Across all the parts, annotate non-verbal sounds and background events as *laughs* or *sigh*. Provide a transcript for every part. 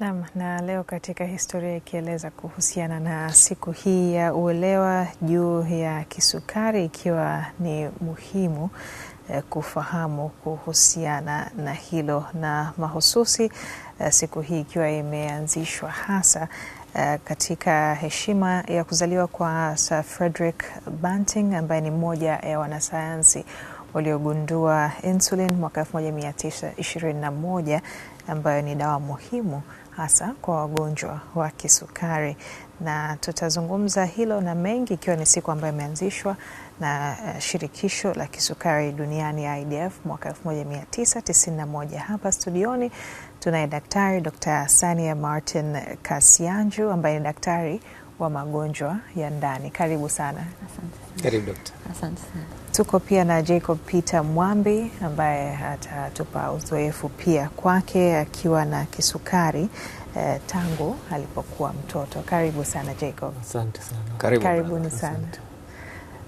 Naam, na leo katika historia ikieleza kuhusiana na siku hii ya uelewa juu ya kisukari, ikiwa ni muhimu eh, kufahamu kuhusiana na hilo na mahususi eh, siku hii ikiwa imeanzishwa hasa eh, katika heshima ya kuzaliwa kwa Sir Frederick Banting ambaye ni mmoja ya wanasayansi waliogundua insulin mwaka 1921 ambayo ni dawa muhimu hasa kwa wagonjwa wa kisukari, na tutazungumza hilo na mengi, ikiwa ni siku ambayo imeanzishwa na eh, shirikisho la kisukari duniani IDF mwaka 1991. Hapa studioni tunaye daktari Dr. Sania Martin Kasianju ambaye ni daktari wa magonjwa ya ndani. Karibu sana. Asante. Karibu daktari. Asante Tuko pia na Jacob Peter Mwambi ambaye atatupa uzoefu pia kwake akiwa na kisukari eh, tangu alipokuwa mtoto. Karibu sana Jacob. Asante sana. Karibu, karibuni sana.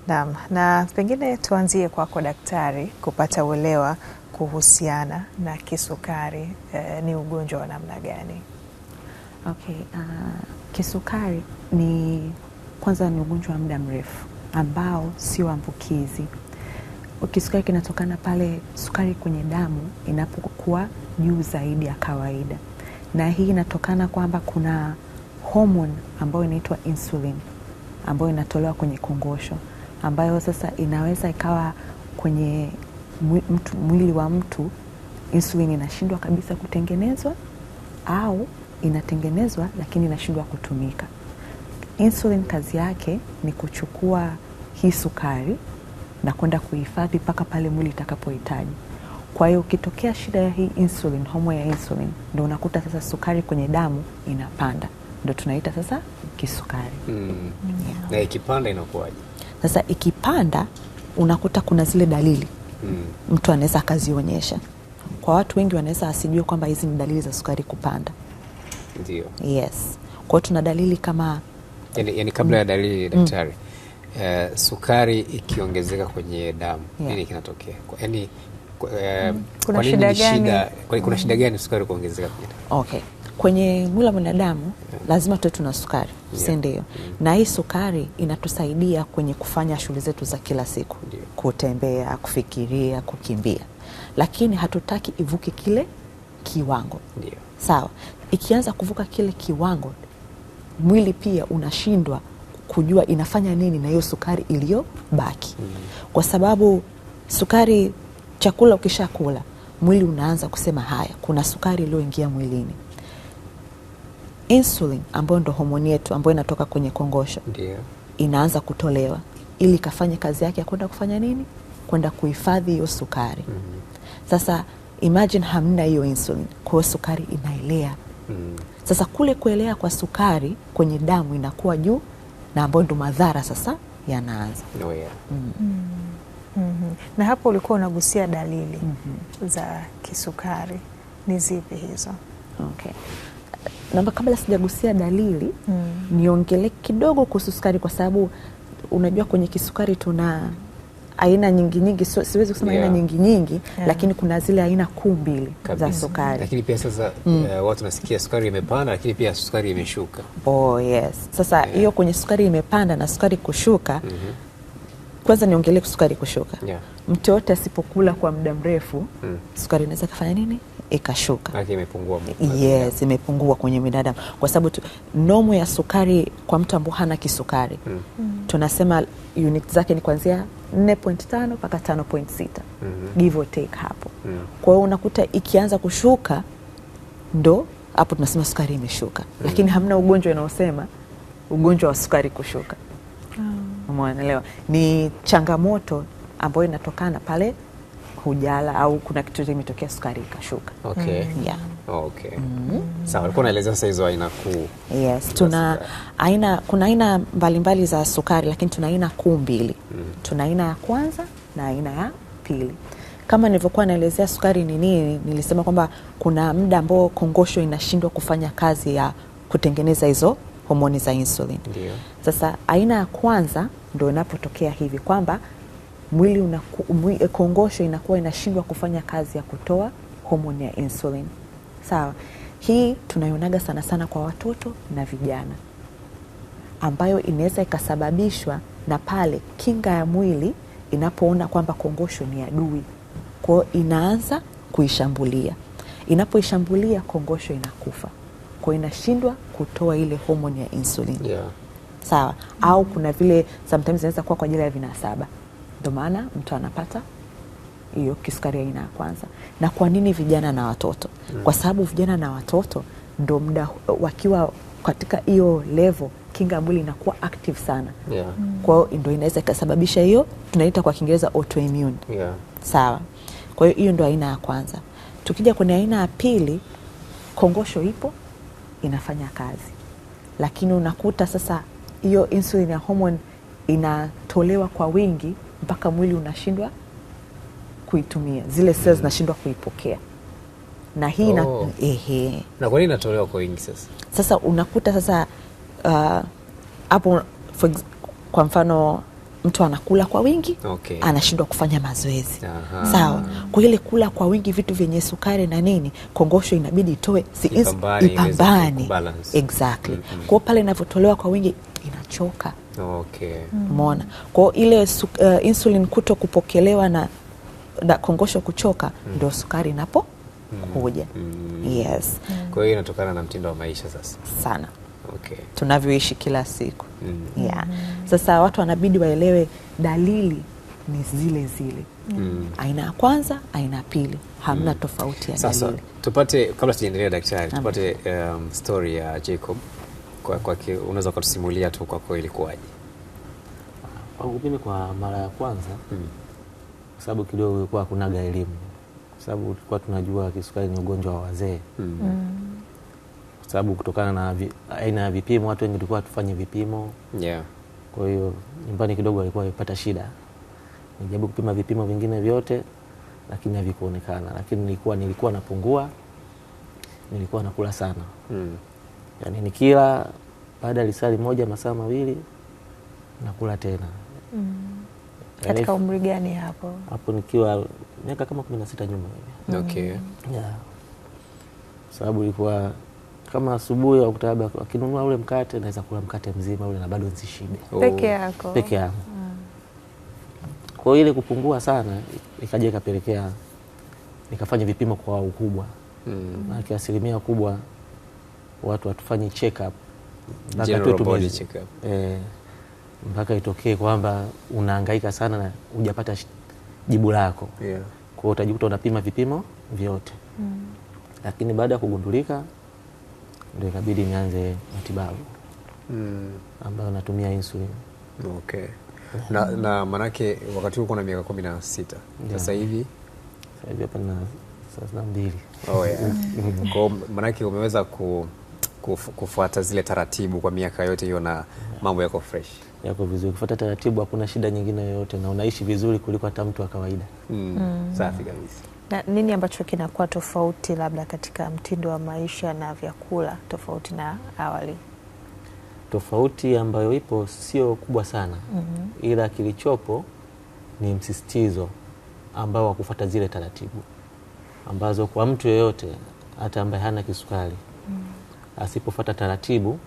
Naam, na pengine tuanzie kwako daktari, kupata uelewa kuhusiana na kisukari eh, ni ugonjwa wa namna gani? Okay, uh, kisukari ni kwanza ni ugonjwa wa muda mrefu ambao sio ambukizi. Kisukari kinatokana pale sukari kwenye damu inapokuwa juu zaidi ya kawaida, na hii inatokana kwamba kuna homoni ambayo inaitwa insulin ambayo inatolewa kwenye kongosho ambayo sasa inaweza ikawa kwenye mtu, mwili wa mtu insulin inashindwa kabisa kutengenezwa au inatengenezwa lakini inashindwa kutumika. Insulin kazi yake ni kuchukua hii sukari na kwenda kuhifadhi mpaka pale mwili itakapohitaji. Kwa hiyo ukitokea shida ya hii insulin, homo ya insulin, ndo unakuta sasa sukari kwenye damu inapanda, ndo tunaita sasa kisukari mm. Yeah. Na ikipanda inakuwaje? Sasa ikipanda unakuta kuna zile dalili mm. mtu anaweza akazionyesha. Kwa watu wengi wanaweza asijue kwamba hizi ni dalili za sukari kupanda. Ndio. Yes. Kwa hiyo tuna dalili kama yani, yani kabla ya dalili mm. daktari mm eh, sukari ikiongezeka kwenye damu yeah. Eh, mm. Nini kinatokea? yani kuna shida gani? Kuna mm. shida gani sukari kuongezeka kwenye damu? Okay, kwenye mwili wa mwanadamu yeah. lazima tuwe tuna sukari yeah. si ndio? mm. na hii sukari inatusaidia kwenye kufanya shughuli zetu za kila siku yeah. kutembea, kufikiria, kukimbia, lakini hatutaki ivuke kile kiwango yeah. Sawa, ikianza kuvuka kile kiwango mwili pia unashindwa kujua inafanya nini na hiyo sukari iliyobaki mm. kwa sababu sukari, chakula ukishakula mwili unaanza kusema haya, kuna sukari iliyoingia mwilini. Insulin ambayo ndo homoni yetu ambayo inatoka kwenye kongosho Ndiyo. inaanza kutolewa ili ikafanye kazi yake ya kwenda kufanya nini? Kwenda kuhifadhi hiyo sukari mm -hmm. Sasa imagine hamna hiyo insulin, kwayo sukari inaelea mm -hmm. Sasa kule kuelea kwa sukari kwenye damu inakuwa juu na ambayo ndo madhara sasa yanaanza. No, yeah. mm. mm. mm -hmm. Na hapo ulikuwa unagusia dalili mm -hmm. za kisukari ni zipi hizo? Okay. Namba kabla sijagusia dalili mm. niongele kidogo kuhusu sukari, kwa sababu unajua kwenye kisukari tuna aina nyingi nyingi, so, siwezi kusema yeah. aina nyingi nyingi yeah. lakini kuna zile aina kuu mbili za sukari. Lakini pia sasa mm. uh, watu nasikia sukari imepanda, lakini pia sukari imeshuka. Oh, yes. Sasa hiyo yeah. kwenye sukari imepanda na sukari kushuka mm -hmm. Kwanza niongelee sukari kushuka yeah. Mtu yote asipokula kwa muda mrefu mm. sukari inaweza kufanya nini? ikashuka, imepungua. Yes, imepungua kwenye binadamu kwa sababu nomu ya sukari kwa mtu ambaye hana kisukari mm. tunasema unit zake ni kuanzia 4.5 mpaka 5.6 mm-hmm. give or take hapo mm. Kwa hiyo unakuta ikianza kushuka ndo hapo tunasema sukari imeshuka mm. Lakini hamna ugonjwa unaosema ugonjwa wa sukari kushuka. Ah. Umeelewa? Ni changamoto ambayo inatokana pale hujala au kuna kitu kimetokea, sukari ikashuka. Okay. Mm. Yeah. Okay. Mm Sawa, alikuwa naeleza sasa hizo aina kuu. Yes, tuna aina kuna aina mbalimbali za sukari lakini tuna aina kuu mbili. Mm Tuna aina ya kwanza na aina ya pili. Kama nilivyokuwa naelezea sukari ni nini, nilisema kwamba kuna muda ambao kongosho inashindwa kufanya kazi ya kutengeneza hizo homoni za insulin. Ndiyo. Sasa aina ya kwanza ndio inapotokea hivi kwamba mwili unaku, mwi, eh, kongosho inakuwa inashindwa kufanya kazi ya kutoa homoni ya insulin. Sawa, hii tunaionaga sana sana kwa watoto na vijana, ambayo inaweza ikasababishwa na pale kinga ya mwili inapoona kwamba kongosho ni adui, kwao inaanza kuishambulia. Inapoishambulia kongosho inakufa, kwao inashindwa kutoa ile homoni ya insulin yeah. Sawa, au kuna vile sometimes inaweza kuwa kwa ajili ya vinasaba ndo maana mtu anapata hiyo kisukari aina ya kwanza. Na kwa nini vijana na watoto? Mm. Kwa sababu vijana na watoto ndo mda wakiwa katika hiyo level kinga mwili inakuwa active sana yeah. Mm. Kwa hiyo ndo inaweza ikasababisha hiyo tunaita kwa Kiingereza autoimmune yeah. Sawa, kwa hiyo hiyo ndo aina ya kwanza. Tukija kwenye aina ya pili, kongosho ipo inafanya kazi, lakini unakuta sasa hiyo insulin ya hormone inatolewa kwa wingi mpaka mwili unashindwa kuitumia zile cells zinashindwa kuipokea na hii oh. na, ehe. Na kwa nini inatolewa kwa wingi sasa? Sasa unakuta sasa uh, hapo uh, kwa mfano mtu anakula kwa wingi okay. Anashindwa kufanya mazoezi sawa. Kwa ile kula kwa wingi vitu vyenye sukari na nini, kongosho inabidi itoe si ipambane, ipambane. Exactly. Mm -hmm. Kwa pale inavyotolewa kwa wingi inachoka okay. Mm. Umeona, kwa ile su, uh, eh, insulin kuto kupokelewa na, na kongosho kuchoka mm. Ndio sukari inapo mm. kuja mm. yes. Mm. Kwa hiyo inatokana na mtindo wa maisha sasa sana okay. tunavyoishi kila siku mm. yeah. Mm. Sasa watu wanabidi waelewe dalili ni zile zile mm. aina ya kwanza, aina ya pili, hamna mm. tofauti ya dalili. Sasa tupate, kabla sijaendelea daktari, tupate um, story ya Jacob kwa, kwa unaweza ukatusimulia tu kwako ilikuwaje? Kwangu mimi kwa mara ya kwanza mm. kwa sababu kidogo ilikuwa hakunaga elimu, kwa sababu tulikuwa tunajua kisukari ni ugonjwa wa wazee mm. kwa sababu kutokana na aina ya vipimo, watu wengi tulikuwa tufanye vipimo yeah. kwa hiyo nyumbani kidogo alikuwa amepata shida, nijaribu kupima vipimo vingine vyote lakini havikuonekana, lakini nilikuwa nilikuwa napungua, nilikuwa nakula sana hmm yani nikila baada ya lisali moja masaa mawili nakula tena mm. yani, katika umri gani hapo? Hapo nikiwa miaka kama kumi na sita nyuma hivi. Mm. Okay. Yeah. Sababu ilikuwa kama asubuhi wakuta labda wakinunua ule mkate naweza kula mkate mzima ule na bado nisishibe. Oh. Peke yako. Peke yangu. Mm. Kwa ile kupungua sana ikaja ikapelekea nikafanya vipimo kwa ukubwa. Mm. na asilimia kubwa watu watufanyi check up mpaka tu check up eh, mpaka itokee kwamba unahangaika sana na hujapata jibu lako yeah. Kwa hiyo utajikuta unapima vipimo vyote mm. Lakini baada ya kugundulika ndio ikabidi nianze matibabu mm. ambayo natumia insulin okay. na, na manake wakati huko na miaka kumi na sita sasa hivi sasa hivi hapa na thelathini na mbili oh, yeah. *laughs* Kwa manake umeweza ku kufu, kufuata zile taratibu kwa miaka yote hiyo na mambo yako fresh yako vizuri, kufuata taratibu, hakuna shida nyingine yoyote, na unaishi vizuri kuliko hata mtu wa kawaida. Mm. Mm. Safi kabisa. Na nini ambacho kinakuwa tofauti labda katika mtindo wa maisha na vyakula tofauti na awali? Tofauti ambayo ipo sio kubwa sana. Mm -hmm. Ila kilichopo ni msisitizo ambao wa kufuata zile taratibu ambazo kwa mtu yeyote hata ambaye hana kisukari asipofata taratibu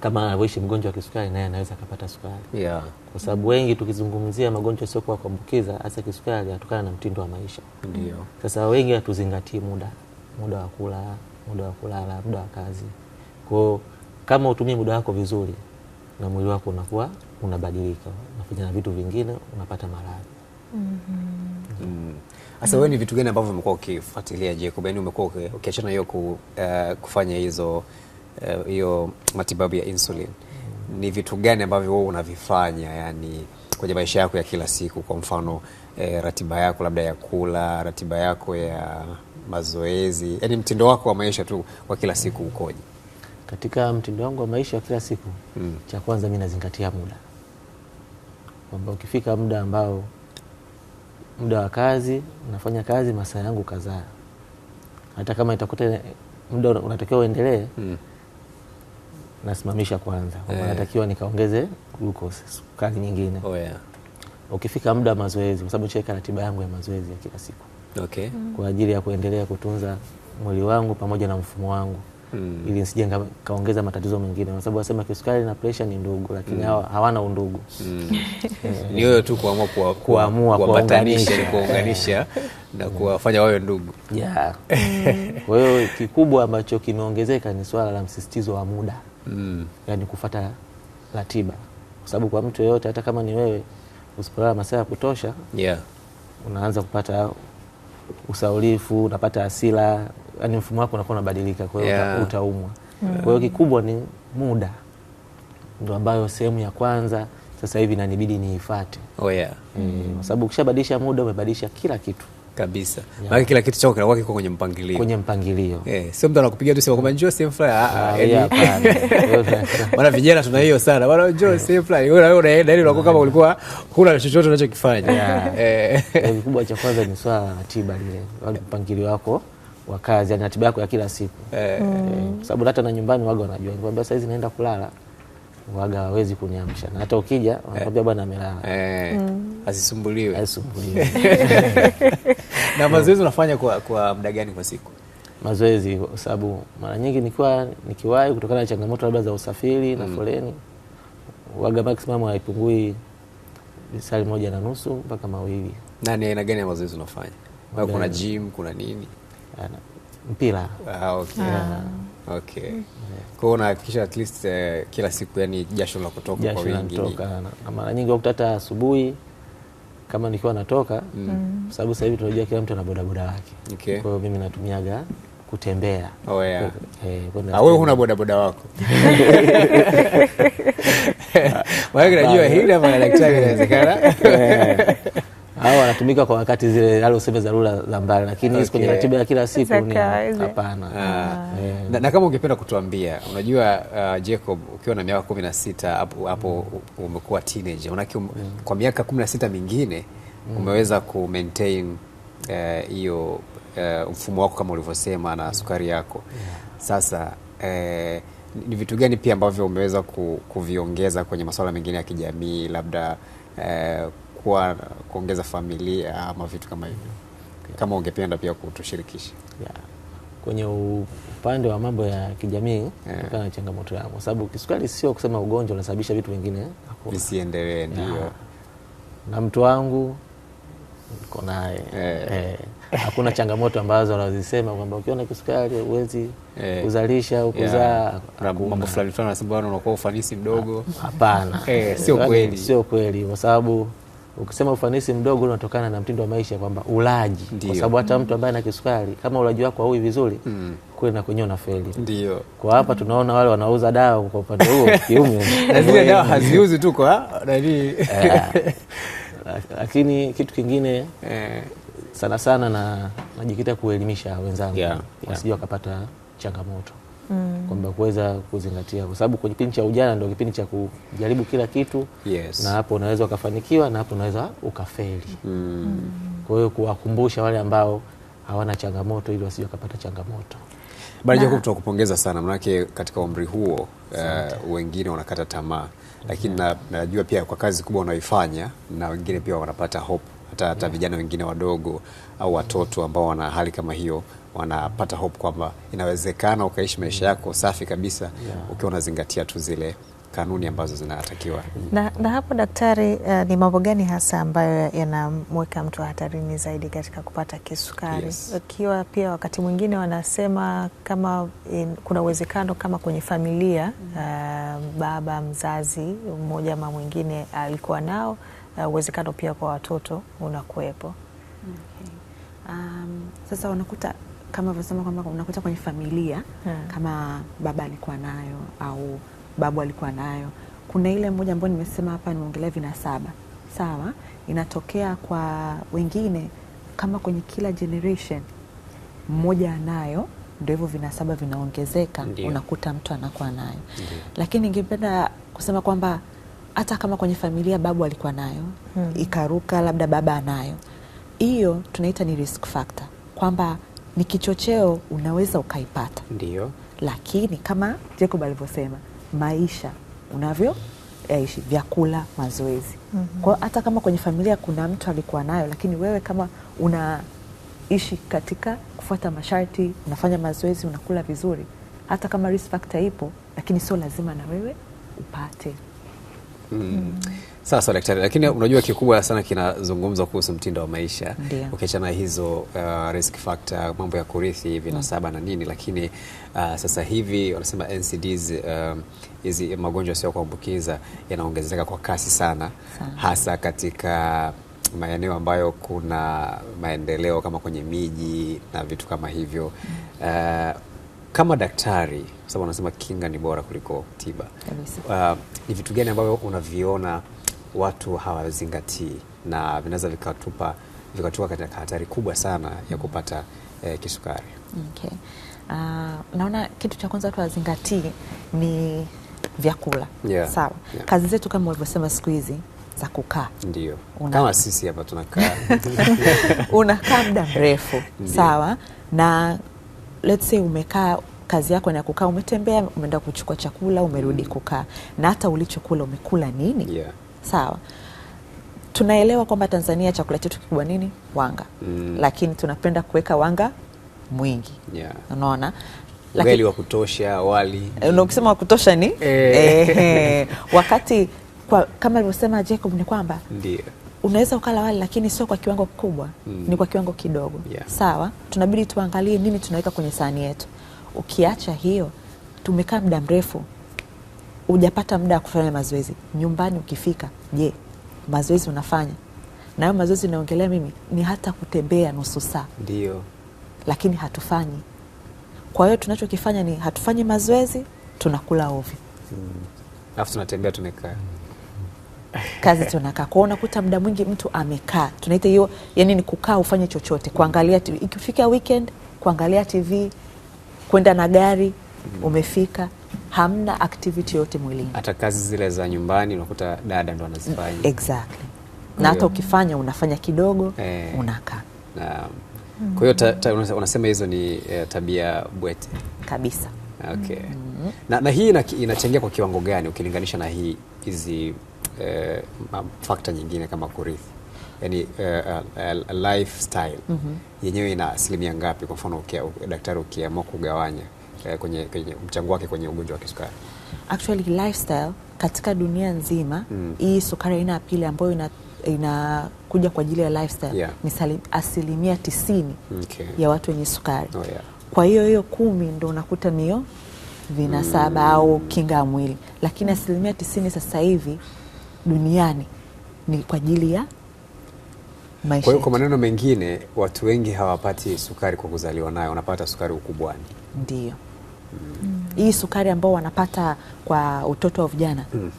kama anavyoishi mgonjwa wa kisukari, naye anaweza akapata sukari yeah. Kwa sababu wengi tukizungumzia magonjwa yasiokuwa kuambukiza hasa kisukari yatokana na mtindo wa maisha ndio. Sasa wengi hatuzingatii muda muda wa kula, muda wa kulala, muda wa kazi. Kwa kama utumie muda wako vizuri, na mwili wako unakuwa unabadilika, unafanya na vitu vingine, unapata maradhi mm -hmm. Sasa mm. wewe ni vitu gani ambavyo umekuwa ukifuatilia Jacob? Yaani umekuwa ukiachana hiyo eh, kufanya hizo eh, hiyo uh, matibabu ya insulin mm. ni vitu gani ambavyo wewe unavifanya yani kwenye maisha yako ya kila siku? Kwa mfano eh, ratiba yako labda ya kula, ratiba yako ya mazoezi, yani mtindo wako wa maisha tu wa kila siku ukoje? Katika mtindo wangu wa maisha wa kila siku mm. Cha kwanza mimi nazingatia muda, kwamba ukifika muda ambao muda wa kazi, nafanya kazi masaa yangu kadhaa, hata kama itakuta muda unatakiwa uendelee mm. nasimamisha kwanza yeah. natakiwa nikaongeze glucose, sukari nyingine oh, yeah. ukifika muda wa mazoezi, kwa sababu cheka ratiba yangu ya mazoezi ya kila siku okay. mm. kwa ajili ya kuendelea kutunza mwili wangu pamoja na mfumo wangu mm. ili nsije kaongeza matatizo mengine, kwa sababu wasema kisukari na presha ni ndugu, lakini mm. hawana undugu mm. *laughs* ni wewe tu kuamua kuamua kuwapatanisha kuwaunganisha *laughs* na kuwafanya wawe ndugu yeah. Hmm. *laughs* kwa hiyo kikubwa ambacho kimeongezeka ni swala la msisitizo wa muda mm. yani kufata ratiba, kwa sababu kwa mtu yeyote, hata kama ni wewe, usipolala masaa ya kutosha yeah. unaanza kupata usaulifu, unapata hasira yani mfumo wako unakuwa unabadilika, kwa hiyo yeah. utaumwa. Mm. Kwa hiyo kikubwa ni muda, ndo ambayo sehemu ya kwanza sasa hivi inanibidi niifuate. Oh yeah. Mm. Kwa sababu ukishabadilisha muda umebadilisha kila kitu kabisa yeah. Maana kila kitu chako kinakuwa kiko kwenye mpangilio, kwenye mpangilio eh, sio mtu anakupigia tu sema kwamba njoo sehemu fulani. Ah, ah, ah *laughs* maana vijana tuna hiyo sana bwana, njoo sehemu fulani, wewe wewe unaenda ile unakuwa kama ulikuwa huna chochote unachokifanya. *laughs* Eh, kikubwa cha kwanza ni swala la ratiba, ile mpangilio wako wa kazi, yani ratiba yako ya kila siku eh. eh kwa sababu hata na nyumbani waga wanajua, nikwambia hizi naenda kulala waga hawezi kuniamsha, na hata ukija eh. wanakwambia bwana amelala eh. Mm. Asisumbuliwe, asisumbuliwe. *laughs* na mazoezi unafanya kwa, kwa muda gani kwa siku? Mazoezi kwa sababu mara nyingi nikiwa nikiwahi kutokana na changamoto labda za usafiri mm. na foleni, waga maximum haipungui lisali moja na nusu mpaka mawili. Na ni aina gani ya mazoezi unafanya? Kuna gym, kuna nini? Eh, mpira. Ah, ah. kwao unahakikisha at least uh, kila siku yani jasho la kutoka kwa wingi. na Mara nyingi wakuta hata asubuhi kama nikiwa natoka mm. mm. Sababu sasa hivi tunajua kila mtu ana bodaboda wake. Okay. Kwa hiyo mimi natumiaga kutembea. Oh, yeah. Eh, ah, wewe huna bodaboda wako. Wewe *laughs* najua hili ama inawezekana au wanatumika kwa wakati zile hali useme dharura za mbali, lakini okay. kwenye ratiba ya kila siku ni hapana. Ah. Eh. na, na kama ungependa kutuambia, unajua uh, Jacob ukiwa na miaka kumi na sita hapo umekuwa teenager unaki um, mm. kwa miaka kumi na sita mingine mm. umeweza ku maintain uh, hiyo uh, uh, mfumo wako kama ulivyosema na sukari yako sasa uh, ni vitu gani pia ambavyo umeweza ku, kuviongeza kwenye masuala mengine ya kijamii labda uh, kuwa kuongeza familia ama vitu kama hivyo, kama ungependa pia kutushirikisha yeah. Kwenye upande wa mambo ya kijamii yeah. na changamoto yao, kwa sababu kisukari sio kusema ugonjwa unasababisha vitu vingine visiendelee, ndio yeah. na mtu wangu niko naye yeah. eh, hakuna changamoto ambazo wanazisema kwamba ukiona kisukari huwezi yeah. kuzalisha au kuzaa yeah. mambo fulani tu anasema bwana unakuwa ufanisi mdogo. Hapana, eh, sio yaani kweli, sio kweli kwa sababu Ukisema ufanisi mdogo unatokana na mtindo wa maisha kwamba ulaji, kwa sababu hata mm. mtu ambaye ana kisukari kama ulaji wako haui vizuri mm. kule na kwenyewe unafeli. Ndio kwa hapa tunaona wale wanauza dawa kwa upande huo *laughs* kiume, na zile dawa haziuzi tu kwa nani, *laughs* eh. lakini kitu kingine eh. sana sana na najikita kuelimisha wenzangu yeah, yeah. wasije wakapata changamoto mm. kwamba kuweza kuzingatia, kwa sababu kwenye kipindi cha ujana ndio kipindi cha kujaribu kila kitu yes. na hapo unaweza ukafanikiwa na hapo unaweza ukafeli mm. mm. kwa hiyo kuwakumbusha wale ambao hawana changamoto ili wasije wakapata changamoto. Bwana Jacob, tunakupongeza sana manake katika umri huo uh, wengine wanakata tamaa lakini mm najua na pia kwa kazi kubwa unaoifanya na wengine pia wanapata hope hata hata vijana wengine wadogo au watoto ambao wana hali kama hiyo wanapata hope kwamba inawezekana ukaishi maisha yako safi kabisa yeah. ukiwa unazingatia tu zile kanuni ambazo zinatakiwa na, na hapo daktari, uh, ni mambo gani hasa ambayo yanamweka mtu hatarini zaidi katika kupata kisukari? Ikiwa yes. pia wakati mwingine wanasema kama in, kuna uwezekano kama kwenye familia uh, baba mzazi mmoja ama mwingine alikuwa nao, eh, uwezekano uh, pia kwa watoto unakuwepo. okay. Um, sasa unakuta kama vyosema kwamba unakuta kwenye familia hmm. kama baba alikuwa nayo au babu alikuwa nayo, kuna ile moja ambayo nimesema hapa, nimeongelea vinasaba. Sawa, inatokea kwa wengine kama kwenye kila generation mmoja anayo, ndio hivyo vinasaba vinaongezeka, unakuta mtu anakuwa nayo. Lakini ningependa kusema kwamba hata kama kwenye familia babu alikuwa nayo hmm. ikaruka labda baba anayo, hiyo tunaita ni risk factor kwamba ni kichocheo, unaweza ukaipata ndio, lakini kama Jacob alivyosema, maisha unavyo yaishi vyakula, mazoezi. mm -hmm. Kwa hata kama kwenye familia kuna mtu alikuwa nayo, lakini wewe kama unaishi katika kufuata masharti, unafanya mazoezi, unakula vizuri, hata kama risk factor ipo, lakini sio lazima na wewe upate. mm. Mm. Sasa daktari, lakini unajua kikubwa sana kinazungumzwa kuhusu mtindo wa maisha ukiachana hizo uh, risk factor, mambo ya kurithi, vinasaba mm. na nini, lakini uh, sasa hivi wanasema NCDs um, hizi magonjwa sio kuambukiza yanaongezeka kwa kasi sana, Sa. hasa katika maeneo ambayo kuna maendeleo kama kwenye miji na vitu kama hivyo mm. uh, kama daktari, kwa sababu wanasema kinga ni bora kuliko tiba uh, ni vitu gani ambavyo unaviona watu hawazingatii na vinaweza vikatupa vikatuka katika hatari kubwa sana ya kupata eh, kisukari. Okay. Uh, ah, naona kitu cha kwanza watu hawazingatii ni vyakula yeah. Sawa yeah. Kazi zetu kama ulivyosema siku hizi za kukaa ndio kama sisi hapa tunakaa *laughs* *laughs* unakaa muda mrefu sawa, na let's say umekaa kazi yako na kukaa, umetembea, umeenda kuchukua chakula, umerudi mm. kukaa, na hata ulichokula umekula nini? yeah sawa tunaelewa kwamba Tanzania chakula chetu kikubwa nini? Wanga mm. Lakini tunapenda kuweka wanga mwingi yeah. Unaona, ugali wa kutosha, wali eh, ukisema wa kutosha ni Eh, wakati kwa, kama alivyosema Jacob ni kwamba ndio unaweza ukala wali lakini sio kwa kiwango kikubwa mm. Ni kwa kiwango kidogo yeah. Sawa, tunabidi tuangalie nini tunaweka kwenye sahani yetu. Ukiacha hiyo, tumekaa muda mrefu ujapata muda wa kufanya mazoezi nyumbani, ukifika, je, mazoezi unafanya? Na hayo mazoezi unaongelea mimi ni hata kutembea nusu saa, ndio, lakini hatufanyi. Kwa hiyo tunachokifanya ni hatufanyi mazoezi, tunakula ovyo, hmm. alafu tunatembea, tumekaa kazi tunakaa kwao, unakuta muda mwingi mtu amekaa, tunaita hiyo yani ni kukaa ufanye chochote, kuangalia Ikifika weekend, kuangalia TV, kwenda na gari umefika hamna activity yote mwilini. Hata kazi zile za nyumbani unakuta dada ndo anazifanya exactly, na hata ukifanya unafanya kidogo eh, unakaa Kwa hiyo unasema hizo ni eh, tabia bwete kabisa. Okay. Mm. Na, na hii inachangia kwa kiwango gani ukilinganisha na hii hizi eh, factor nyingine kama kurithi yani uh, eh, uh, eh, lifestyle mm -hmm. yenyewe ina asilimia ngapi? Kwa mfano daktari, ukiamua kugawanya Eh, kwenye, kwenye mchango wake kwenye ugonjwa wa kisukari? Actually lifestyle katika dunia nzima mm. hii sukari aina ya pili ambayo ina inakuja kwa ajili ya lifestyle yeah. ni asilimia tisini okay. ya watu wenye sukari oh, yeah. kwa hiyo hiyo kumi ndo unakuta niyo vinasaba hmm. mm. au kinga ya mwili, lakini asilimia tisini sasa hivi duniani ni kwa ajili ya maisha. Kwa hiyo kwa maneno mengine, watu wengi hawapati sukari kwa kuzaliwa nayo, wanapata sukari ukubwani. Ndio mm. hii sukari ambao wanapata kwa utoto wa vijana mm.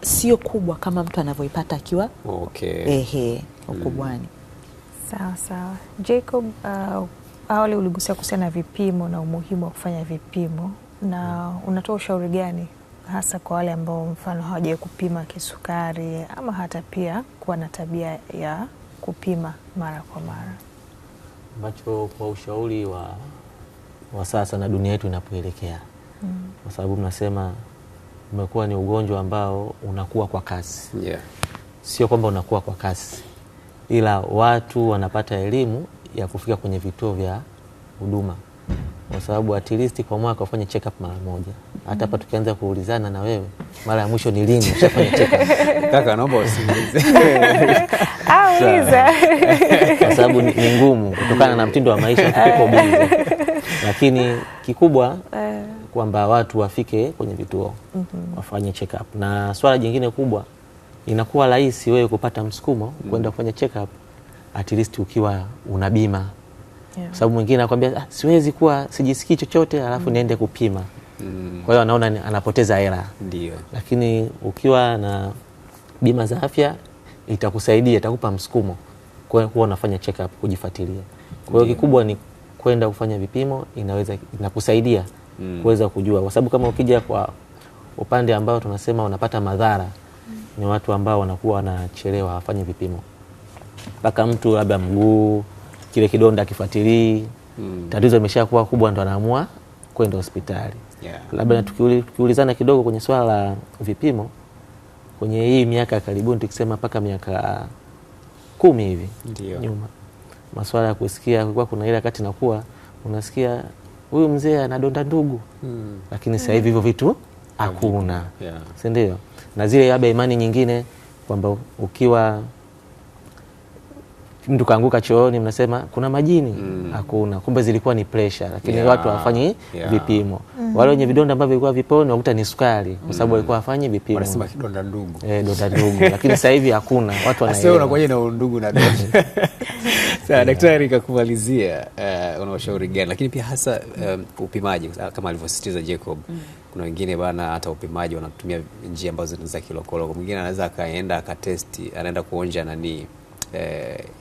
sio kubwa kama mtu anavyoipata akiwa okay. ehe mm. ukubwani mm. sawa sawa. Jacob, uh, awali uligusia kuhusiana na vipimo na umuhimu wa kufanya vipimo na mm. unatoa ushauri gani hasa kwa wale ambao mfano hawajawai kupima kisukari ama hata pia kuwa na tabia ya kupima mara kwa mara? Ambacho kwa ushauri wa wa sasa na dunia yetu inapoelekea mm. kwa sababu mnasema umekuwa ni ugonjwa ambao unakuwa kwa kasi yeah. Sio kwamba unakuwa kwa kasi, ila watu wanapata elimu ya kufika kwenye vituo vya huduma, kwa sababu at least kwa mwaka ufanye check up mara moja. Hata hapa mm. tukianza kuulizana na wewe, mara ya mwisho ni lini ushafanya *laughs* check up? Kaka, naomba usiulize *laughs* kwa sababu ni ngumu kutokana na mtindo wa maisha tuko *laughs* bize lakini kikubwa eh. kwamba watu wafike kwenye vituo mm -hmm. wafanye check up, na swala jingine kubwa inakuwa rahisi wewe kupata msukumo mm. kwenda kufanya check up at least ukiwa una bima yeah. kwa sababu mwingine anakuambia ah, siwezi kuwa sijisikii chochote alafu mm. niende kupima mm. kwa hiyo anaona anapoteza hela lakini ukiwa na bima za afya itakusaidia, itakupa msukumo kwa hiyo unafanya check up kujifuatilia. Kwa hiyo kikubwa ni kwenda kufanya vipimo inaweza inakusaidia mm. kuweza kujua, kwa sababu kama ukija kwa upande ambao tunasema unapata madhara mm. ni watu ambao wanakuwa wanachelewa wafanye vipimo mpaka mtu labda mguu kile kidonda akifuatilii mm. tatizo imeshakuwa kubwa ndo anaamua kwenda hospitali yeah. labda tukiulizana kidogo kwenye swala la vipimo kwenye hii miaka ya karibuni tukisema mpaka miaka kumi hivi Ndiyo. nyuma maswala ya kusikia, kulikuwa kuna ile wakati nakuwa unasikia huyu mzee anadonda ndugu hmm. Lakini sasa hivi hivyo vitu hakuna yeah. si ndio? Na zile labda imani nyingine kwamba ukiwa mtu kaanguka chooni, mnasema kuna majini mm. Hakuna, kumbe zilikuwa ni pressure, lakini yeah. watu hawafanyi yeah. vipimo mm. Wale wenye vidonda ambavyo vilikuwa viponi wakuta ni sukari, kwa sababu hmm. walikuwa hawafanyi vipimo, wanasema kidonda ndugu eh, donda ndugu, lakini sasa hivi hakuna, watu wanaelewa unakuja na ndugu na donda *laughs* Sawa, daktari kakumalizia, uh, eh, unawashauri gani lakini pia hasa um, upimaji kama alivyosisitiza Jacob mm. Kuna wengine bana hata upimaji wanatumia njia ambazo ni za kilokoloko. Mwingine anaweza akaenda akatesti, anaenda kuonja nani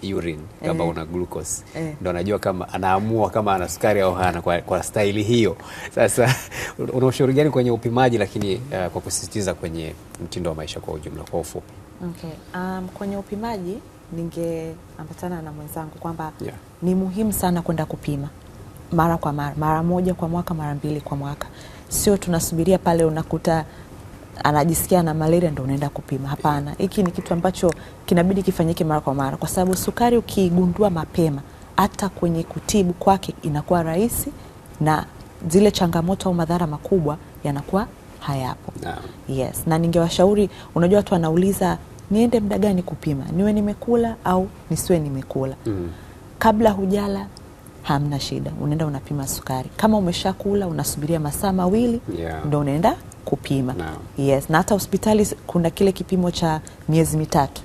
Uh, urine kama eh, una glucose eh, ndo anajua kama anaamua kama ana sukari au hana kwa, kwa staili hiyo. Sasa *laughs* una ushauri gani kwenye upimaji lakini uh, kwa kusisitiza kwenye mtindo wa maisha kwa ujumla kwa ufupi? Okay. Um, kwenye upimaji ningeambatana na mwenzangu kwamba yeah. ni muhimu sana kwenda kupima mara kwa mara, mara moja kwa mwaka, mara mbili kwa mwaka, sio tunasubiria pale unakuta anajisikia na malaria ndo unaenda kupima. Hapana, hiki ni kitu ambacho kinabidi kifanyike mara kwa mara, kwa sababu sukari ukiigundua mapema, hata kwenye kutibu kwake inakuwa rahisi na zile changamoto au madhara makubwa yanakuwa hayapo. Yes, na ningewashauri, unajua watu wanauliza niende muda gani kupima, niwe nimekula au nisiwe nimekula. mm. Kabla hujala hamna shida, unaenda unapima sukari. Kama umeshakula unasubiria masaa mawili yeah. ndo unaenda kupima no. Yes, na hata hospitali kuna kile kipimo cha miezi mitatu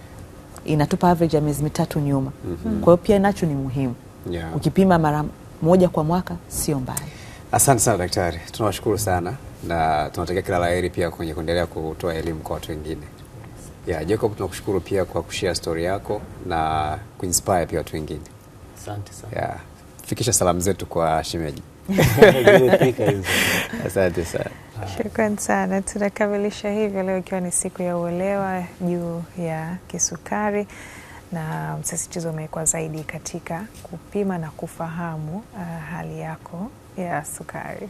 inatupa average ya miezi mitatu nyuma. mm -hmm. Kwa hiyo pia nacho ni muhimu yeah. Ukipima mara moja kwa mwaka sio mbaya. Asante sana daktari, tunawashukuru sana na tunatakia kila laheri pia kwenye kuendelea kutoa elimu kwa watu wengine. Yeah, Jacob tunakushukuru pia kwa kushare story yako na kuinspire pia watu wengine. Asante sana. Yeah. Fikisha salamu zetu kwa shemeji. *laughs* Asante sana. shukran sana. Tunakamilisha hivyo leo ikiwa ni siku ya uelewa juu ya kisukari na msisitizo umekuwa zaidi katika kupima na kufahamu uh, hali yako ya sukari.